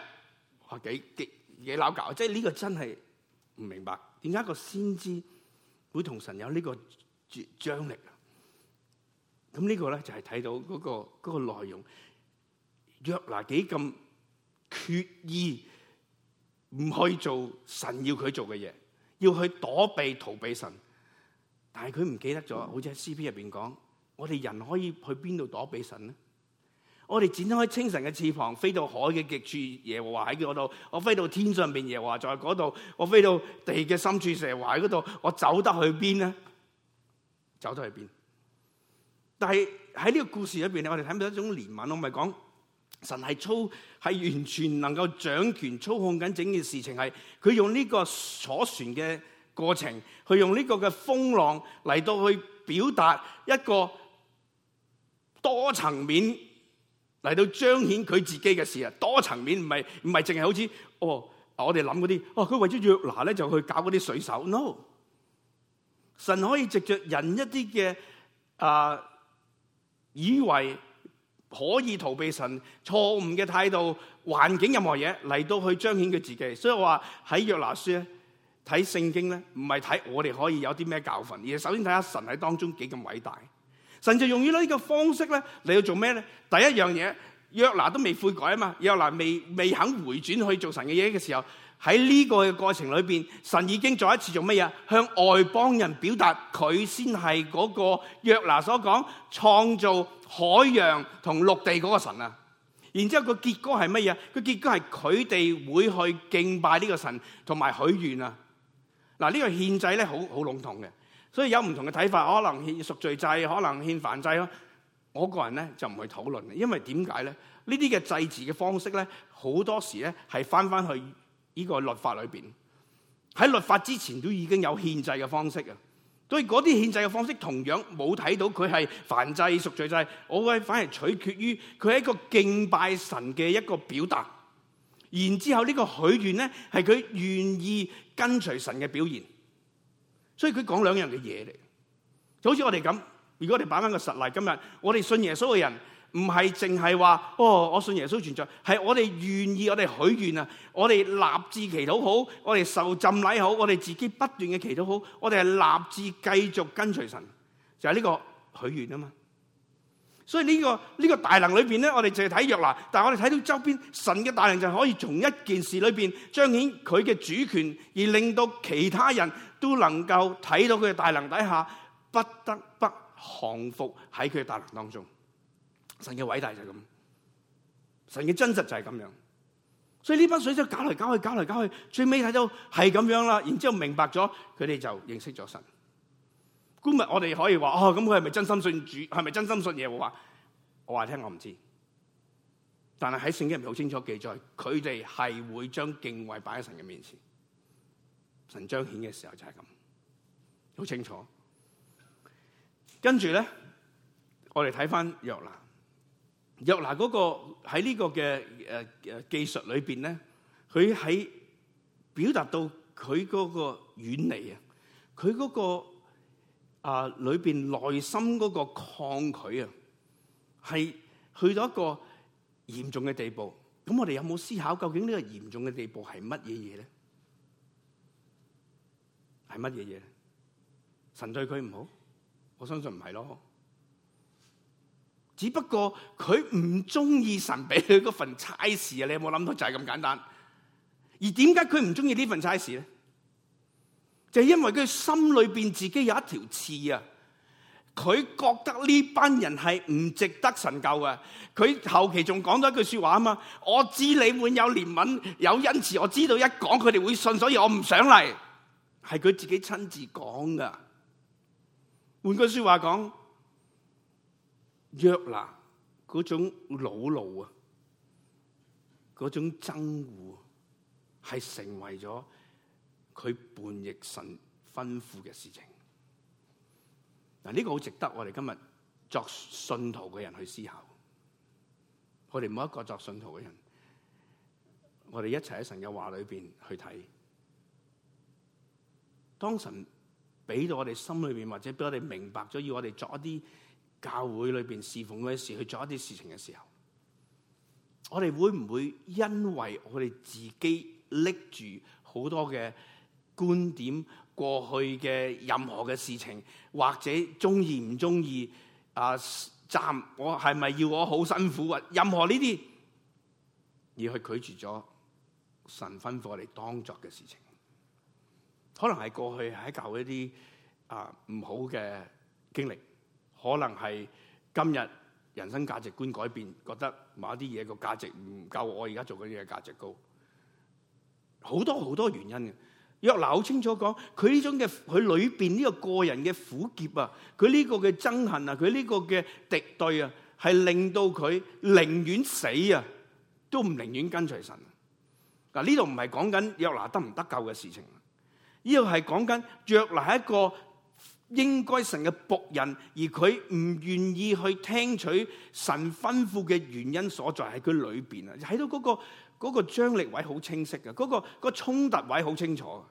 哇，幾激！嘢撈搞，即係呢個真係唔明白，點解個先知會同神有呢個絕張力？咁呢、就是看那個咧就係睇到嗰個嗰個內容，約拿幾咁決意唔去做神要佢做嘅嘢，要去躲避逃避神，但係佢唔記得咗，好似喺詩篇入邊講，我哋人可以去邊度躲避神呢？我哋展開清晨嘅翅膀，飛到海嘅極處；耶和華喺嗰度，我飛到天上邊；耶和華在嗰度，我飛到地嘅深處；耶和華喺嗰度，我走得去邊呢？走得去邊？但係喺呢個故事裏邊，我哋睇到一種憐憫。我唔係講神係操係完全能夠掌權操控緊整件事情，係佢用呢個坐船嘅過程，去用呢個嘅風浪嚟到去表達一個多層面。嚟到彰顯佢自己嘅事啊，多層面唔係唔係淨係好似哦，我哋諗啲哦，佢為咗約拿咧就去搞啲水手，no，神可以藉着人一啲嘅啊，以為可以逃避神錯誤嘅態度、環境、任何嘢嚟到去彰顯佢自己，所以我話喺約拿書咧睇聖經咧，唔係睇我哋可以有啲咩教訓，而係首先睇下神喺當中幾咁偉大。神就用於呢個方式咧嚟去做咩咧？第一樣嘢，約拿都未悔改啊嘛，約拿未未肯回轉去做神嘅嘢嘅時候，喺呢個嘅過程裏面，神已經再一次做乜嘢？向外邦人表達佢先係嗰個約拿所講創造海洋同陸地嗰個神啊。然之後個結果係乜嘢？個結果係佢哋會去敬拜呢個神同埋許願啊。嗱、這個，呢個獻祭咧，好好籠統嘅。所以有唔同嘅睇法，可能獻贖罪祭，可能獻燔祭咯。我個人咧就唔去討論，因為點解咧？呢啲嘅祭祀嘅方式咧，好多時咧係返返去呢個律法裏邊。喺律法之前都已經有獻祭嘅方式嘅，所以嗰啲獻祭嘅方式同樣冇睇到佢係燔祭、贖罪祭。我會反而取決於佢係一個敬拜神嘅一個表達，然之後呢個許願咧係佢願意跟隨神嘅表現。所以佢講兩樣嘅嘢嚟，就好似我哋咁。如果我哋擺翻個實例，今日我哋信耶穌嘅人唔係淨係話哦，我信耶穌存在，係我哋願意，我哋許願啊，我哋立志祈禱好，我哋受浸禮好，我哋自己不斷嘅祈禱好，我哋係立志繼續跟隨神，就係、係呢個許願啊嘛。所以呢，呢個呢，呢個大能裏邊咧，我哋就係睇約拿，但係我哋睇到周邊神嘅大能，就可以從一件事裏邊彰顯佢嘅主權，而令到其他人。都能夠睇到佢嘅大能底下，不得不降服喺佢嘅大能當中。神嘅偉大就係咁，神嘅真實就係咁樣。所以呢班水就搞嚟搞去，搞嚟搞去，最尾睇到係咁樣啦。然之後明白咗，佢哋就認識咗神。今日我哋可以話，哦，咁佢係咪真心信主？係咪真心信耶和華？我話聽，我唔知。但係喺聖經入面好清楚記載，佢哋係會將敬畏擺喺神嘅面前。神彰顯嘅時候就係咁，好清楚。跟住咧，我哋睇翻約拿，約拿嗰個喺呢個嘅誒誒技術裏邊咧，佢喺表達到佢嗰個遠離啊，佢嗰個啊裏邊內心嗰個抗拒啊，係去到一個嚴重嘅地步。咁我哋有冇思考究竟呢個嚴重嘅地步係乜嘢嘢咧？係乜嘢嘢？神對佢唔好，我相信唔係咯。只不過佢唔中意神俾佢嗰份差事啊！你有冇諗到就係咁簡單？而點解佢唔中意呢份差事咧？就係、是、因為佢心裏邊自己有一條刺啊！佢覺得呢班人係唔值得神救嘅。佢後期仲講咗一句說話啊嘛：我知你們有憐憫，有恩賜，我知道一講佢哋會信，所以我唔想嚟。係佢自己親自講噶，換句說話講，約拿嗰種惱怒啊，嗰種憎惡，係成為咗佢叛逆神吩咐嘅事情。嗱、這、呢個好值得我哋今日作信徒嘅人去思考。我哋每一個作信徒嘅人，我哋一齊喺神嘅話裏邊去睇。當神俾到我哋心裏面，或者俾我哋明白咗，要我哋做一啲教會裏邊侍奉嗰啲事，去做一啲事情嘅時候，我哋會唔會因為我哋自己拎住好多嘅觀點、過去嘅任何嘅事情，或者中意唔中意啊？站我係咪要我好辛苦啊？任何呢啲而去拒絕咗神吩咐我哋當作嘅事情？可能係過去喺教一啲啊唔好嘅經歷，可能係今日人生價值觀改變，覺得某啲嘢個價值唔夠，我而家做嘅嘢價值高，好多好多原因嘅。約拿好清楚講，佢呢種嘅佢裏邊呢個個人嘅苦澀啊，佢呢個嘅憎恨啊，佢呢個嘅敵對啊，係令到佢寧願死啊，都唔寧願跟隨神。嗱，呢度唔係講緊約拿得唔得救嘅事情。呢、這個係講緊約拿一個應該神嘅僕人，而佢唔願意去聽取神吩咐嘅原因所在喺佢裏邊啊！睇到嗰、那個嗰、那個張力位好清晰嘅，嗰、那個嗰、那個衝突位好清楚，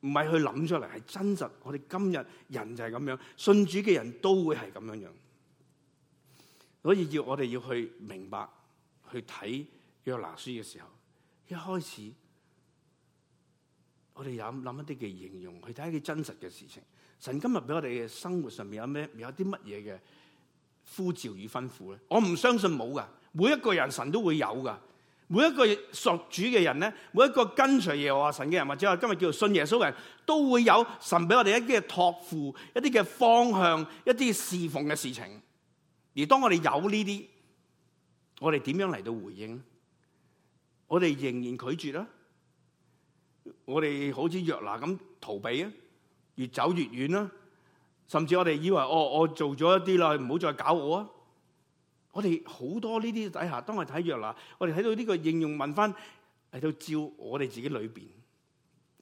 唔係去諗出嚟，係真實。我哋今日人就係咁樣，信主嘅人都會係咁樣樣。所以要我哋要去明白去睇約拿書嘅時候，一開始。我哋諗諗一啲嘅形容，去睇一啲真實嘅事情。神今日俾我哋嘅生活上面有咩？有啲乜嘢嘅呼召與吩咐咧？我唔相信冇噶，每一個人神都會有噶。每一個屬主嘅人咧，每一個跟隨耶和華神嘅人，或者話今日叫做信耶穌嘅人都會有神俾我哋一啲嘅託付、一啲嘅方向、一啲侍奉嘅事情。而當我哋有呢啲，我哋點樣嚟到回應？我哋仍然拒絕啦。我哋好似約拿咁逃避啊，越走越遠啦。甚至我哋以為哦，我做咗一啲啦，唔好再搞我啊。我哋好多呢啲底下，當我睇約拿，我哋睇到呢個應用，問翻嚟到照我哋自己裏邊，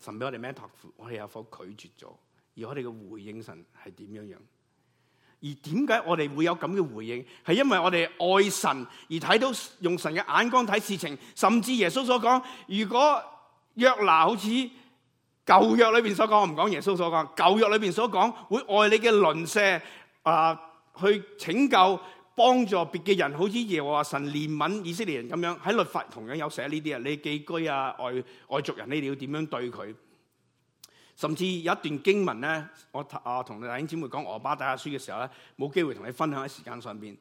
神俾我哋咩託付，我哋有否拒絕咗？而我哋嘅回應神係點樣樣？而點解我哋會有咁嘅回應？係因為我哋愛神而睇到用神嘅眼光睇事情，甚至耶穌所講，如果。約拿，好似舊約裏邊所講，我唔講耶穌所講。舊約裏邊所講會愛你嘅鄰舍，啊、呃，去拯救幫助別嘅人，好似耶和華神憐憫以色列人咁樣。喺律法同樣有寫呢啲啊，你寄居啊外外族人，你你要點樣對佢？甚至有一段經文咧，我啊同弟兄姊妹講，我俄巴底亞書嘅時候咧，冇機會同你分享喺時間上邊。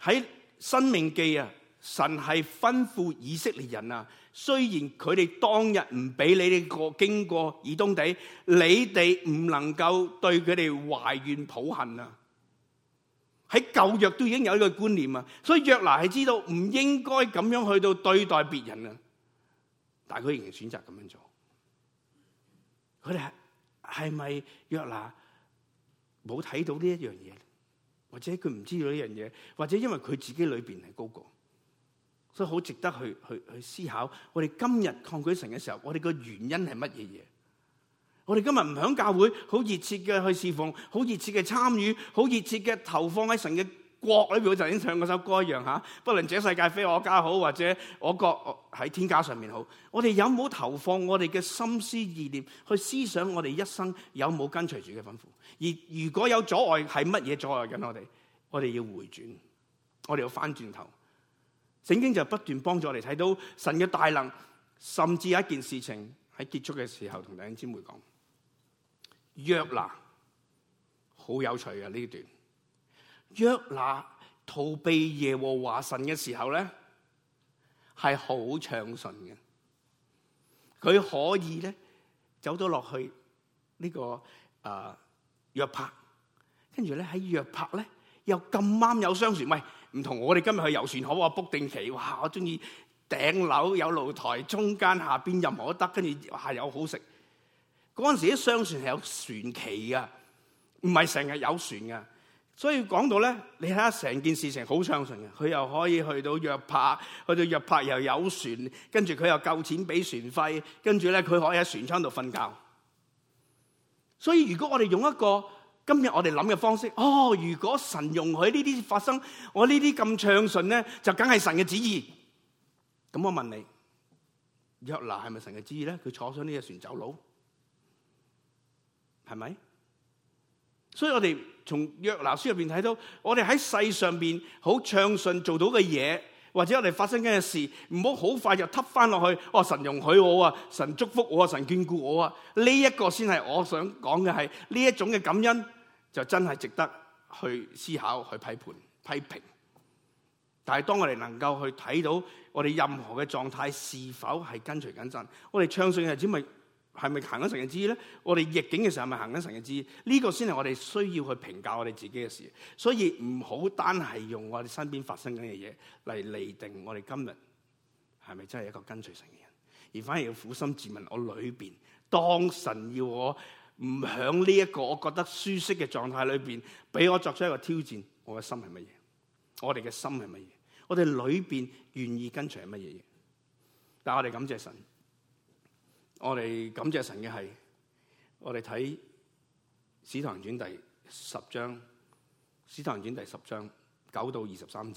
喺申命記啊。神係吩咐以色列人啊，雖然佢哋當日唔俾你哋過經過以東地，你哋唔能夠對佢哋懷怨抱恨啊。喺舊約都已經有呢個觀念啊，所以約拿係知道唔應該咁樣去到對待別人啊，但係佢仍然選擇咁樣做。佢哋係咪約拿冇睇到呢一樣嘢，或者佢唔知道呢樣嘢，或者因為佢自己裏邊係高過？都好值得去去去思考。我哋今日抗拒神嘅時候，我哋個原因係乜嘢嘢？我哋今日唔響教會，好熱切嘅去侍奉，好熱切嘅參與，好熱切嘅投放喺神嘅國裏邊，好似頭先唱嗰首歌一樣吓。不論這世界非我家好，或者我國喺天家上面好，我哋有冇投放我哋嘅心思意念去思想我哋一生有冇跟隨主嘅吩咐？而如果有阻礙，係乜嘢阻礙緊我哋？我哋要回轉，我哋要翻轉頭。聖經就不斷幫助我哋睇到神嘅大能，甚至有一件事情喺結束嘅時候，同弟兄姊妹講：約拿好有趣嘅呢段。約拿逃避耶和華神嘅時候咧，係好暢順嘅。佢可以咧走咗落去呢個誒約帕，跟住咧喺約帕咧又咁啱有商船，喂！唔同我哋今日去遊船好啊，卜定奇哇！我中意頂樓有露台，中間下邊任何都得，跟住哇有好食。嗰陣時啲商船係有船期嘅，唔係成日有船嘅。所以講到咧，你睇下成件事情好暢順嘅，佢又可以去到約帕，去到約帕又有船，跟住佢又夠錢俾船費，跟住咧佢可以喺船艙度瞓覺。所以如果我哋用一個，今日我哋諗嘅方式，哦，如果神容許呢啲發生，我呢啲咁暢順咧，就梗係神嘅旨意。咁我問你，約拿係咪神嘅旨意咧？佢坐上呢隻船走佬，係咪？所以我哋從約拿書入邊睇到，我哋喺世上邊好暢順做到嘅嘢，或者我哋發生緊嘅事，唔好好快就揷翻落去。哦，神容許我啊，神祝福我啊，神眷顧我啊，呢一個先係我想講嘅係呢一種嘅感恩。就真係值得去思考、去批判、批評。但係當我哋能夠去睇到我哋任何嘅狀態是否係跟隨緊神，我哋暢順嘅日子咪係咪行緊神嘅旨意咧？我哋逆境嘅時候咪行緊神嘅旨意？呢個先係我哋需要去評價我哋自己嘅事。所以唔好單係用我哋身邊發生緊嘅嘢嚟釐定我哋今日係咪真係一個跟隨神嘅人，而反而要苦心自問我裏邊當神要我。唔響呢一個，我覺得舒適嘅狀態裏邊，俾我作出一個挑戰。我嘅心係乜嘢？我哋嘅心係乜嘢？我哋裏邊願意跟隨係乜嘢？但係我哋感謝神，我哋感謝神嘅係，我哋睇《使徒行傳》第十章，《使徒行傳》第十章九到二十三節，《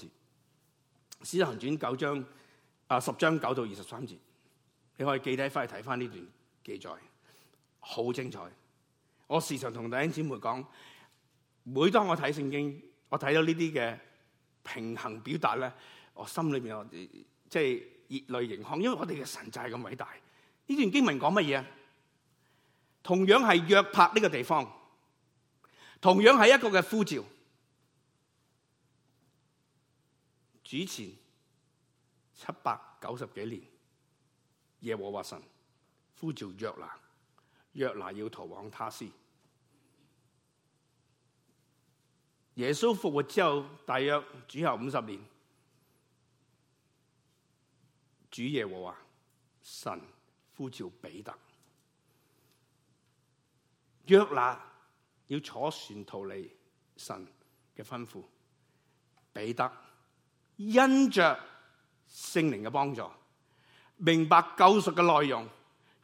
使徒行傳》九章啊十章九到二十三節，你可以記低翻去睇翻呢段記載，好精彩。我時常同弟兄姐妹講，每當我睇聖經，我睇到呢啲嘅平衡表達咧，我心裏面我即係熱淚盈眶，因為我哋嘅神就係咁偉大。呢段經文講乜嘢？同樣係約帕呢個地方，同樣係一個嘅呼召。主前七百九十幾年，耶和華神呼召約拿，約拿要逃往他斯。耶穌復活之後，大約主後五十年，主耶和華神呼召彼得，約拿要坐船逃離神嘅吩咐。彼得因着聖靈嘅幫助，明白救贖嘅內容，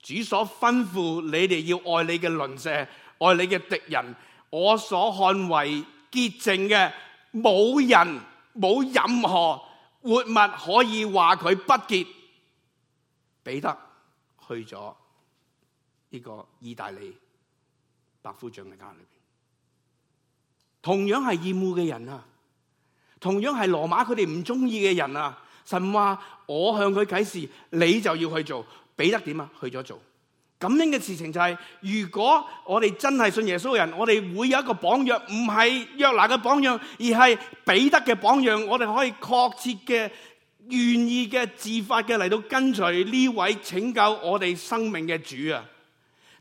主所吩咐你哋要愛你嘅鄰舍，愛你嘅敵人，我所捍衛。潔淨嘅，冇人冇任何活物可以話佢不潔。彼得去咗呢個意大利百夫長嘅家裏邊，同樣係厭惡嘅人啊，同樣係羅馬佢哋唔中意嘅人啊，神話我向佢解釋，你就要去做。彼得點啊？去咗做。感恩嘅事情就係，是，如果我哋真係信耶穌嘅人，我哋會有一個榜樣，唔係約拿嘅榜樣，而係彼得嘅榜樣。我哋可以確切嘅願意嘅自發嘅嚟到跟隨呢位拯救我哋生命嘅主啊！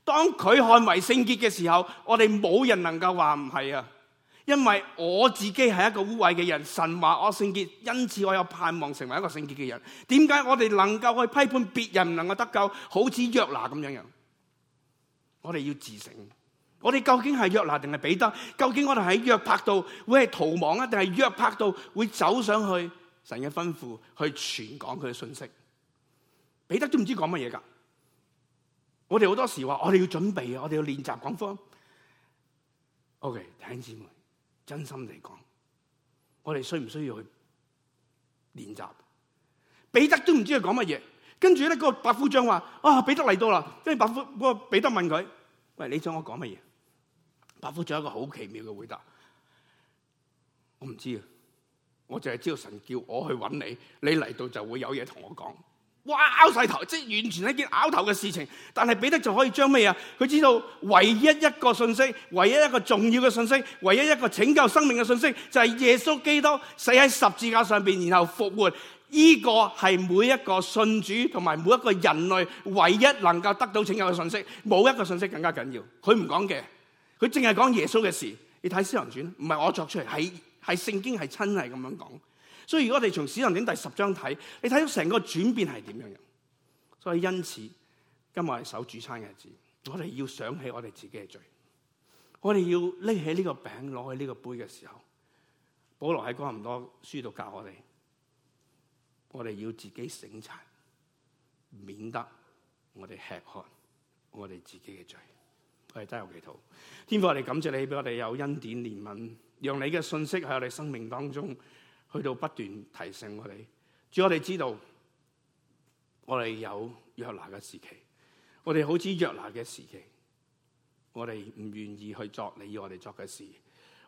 當佢看為聖潔嘅時候，我哋冇人能夠話唔係啊！因為我自己係一個污穢嘅人，神話我聖潔，因此我有盼望成為一個聖潔嘅人。點解我哋能夠去批判別人唔能夠得救？好似約拿咁樣樣，我哋要自省。我哋究竟係約拿定係彼得？究竟我哋喺約拍度會係逃亡啊，定係約拍度會走上去神嘅吩咐去傳講佢嘅信息。彼得都唔知講乜嘢噶。我哋好多時話我哋要準備，我哋要練習講方。OK，弟兄姊妹。真心嚟講，我哋需唔需要去練習？彼得都唔知佢講乜嘢，跟住咧個百夫長話：，啊，彼得嚟到啦！跟住百夫，個彼得問佢：，喂，你想我講乜嘢？百夫長一個好奇妙嘅回答：，我唔知啊，我就係知道神叫我去揾你，你嚟到就會有嘢同我講。哇，拗晒頭，即係完全係一件拗頭嘅事情。但係彼得就可以將咩啊？佢知道唯一一個信息，唯一一個重要嘅信息，唯一一個拯救生命嘅信息，就係耶穌基督死喺十字架上邊，然後復活。呢個係每一個信主同埋每一個人類唯一能夠得到拯救嘅信息。冇一個信息更加緊要。佢唔講嘅，佢淨係講耶穌嘅事。你睇《使徒行傳》，唔係我作出嚟，係係聖經係真係咁樣講。所以如果我哋從史然經第十章睇，你睇到成個轉變係點樣嘅？所以因此今日係守主餐嘅日子，我哋要想起我哋自己嘅罪。我哋要拎起呢個餅攞去呢個杯嘅時候，保羅喺哥林多書度教我哋，我哋要自己省察，免得我哋吃喝我哋自己嘅罪。我哋真有祈禱，天父，我哋感謝你俾我哋有恩典憐憫，讓你嘅信息喺我哋生命當中。去到不斷提醒我哋，主，要我哋知道我哋有約拿嘅時期，我哋好似約拿嘅時期，我哋唔願意去作你要我哋作嘅事，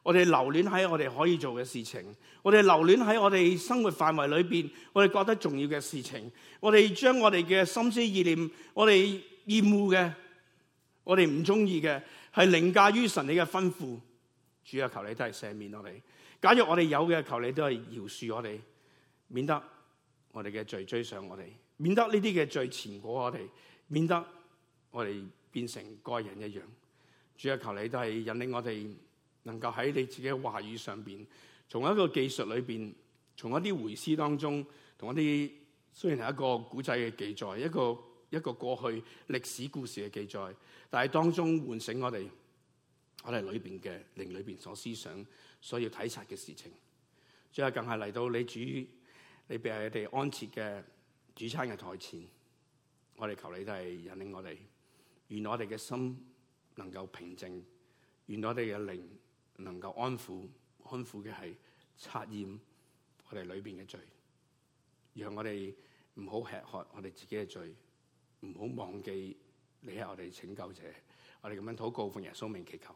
我哋留戀喺我哋可以做嘅事情，我哋留戀喺我哋生活範圍裏邊，我哋覺得重要嘅事情，我哋將我哋嘅心思意念，我哋厭惡嘅，我哋唔中意嘅，係凌駕於神你嘅吩咐。主啊，求你都係赦免我哋。假如我哋有嘅，求你都係饒恕我哋，免得我哋嘅罪追上我哋，免得呢啲嘅罪纏過我哋，免得我哋變成個人一樣。主要求你都係引領我哋，能夠喺你自己嘅話語上邊，從一個記述裏邊，從一啲回思當中，同一啲雖然係一個古仔嘅記載，一個一個過去歷史故事嘅記載，但係當中喚醒我哋。我哋裏邊嘅靈裏邊所思想、所要體察嘅事情，最後更係嚟到你主，你俾我哋安設嘅主餐嘅台前，我哋求你都係引領我哋，願我哋嘅心能夠平靜，願我哋嘅靈能夠安撫，安撫嘅係察驗我哋裏邊嘅罪，讓我哋唔好吃喝我哋自己嘅罪，唔好忘記你係我哋拯救者，我哋咁樣禱告奉耶穌名祈求。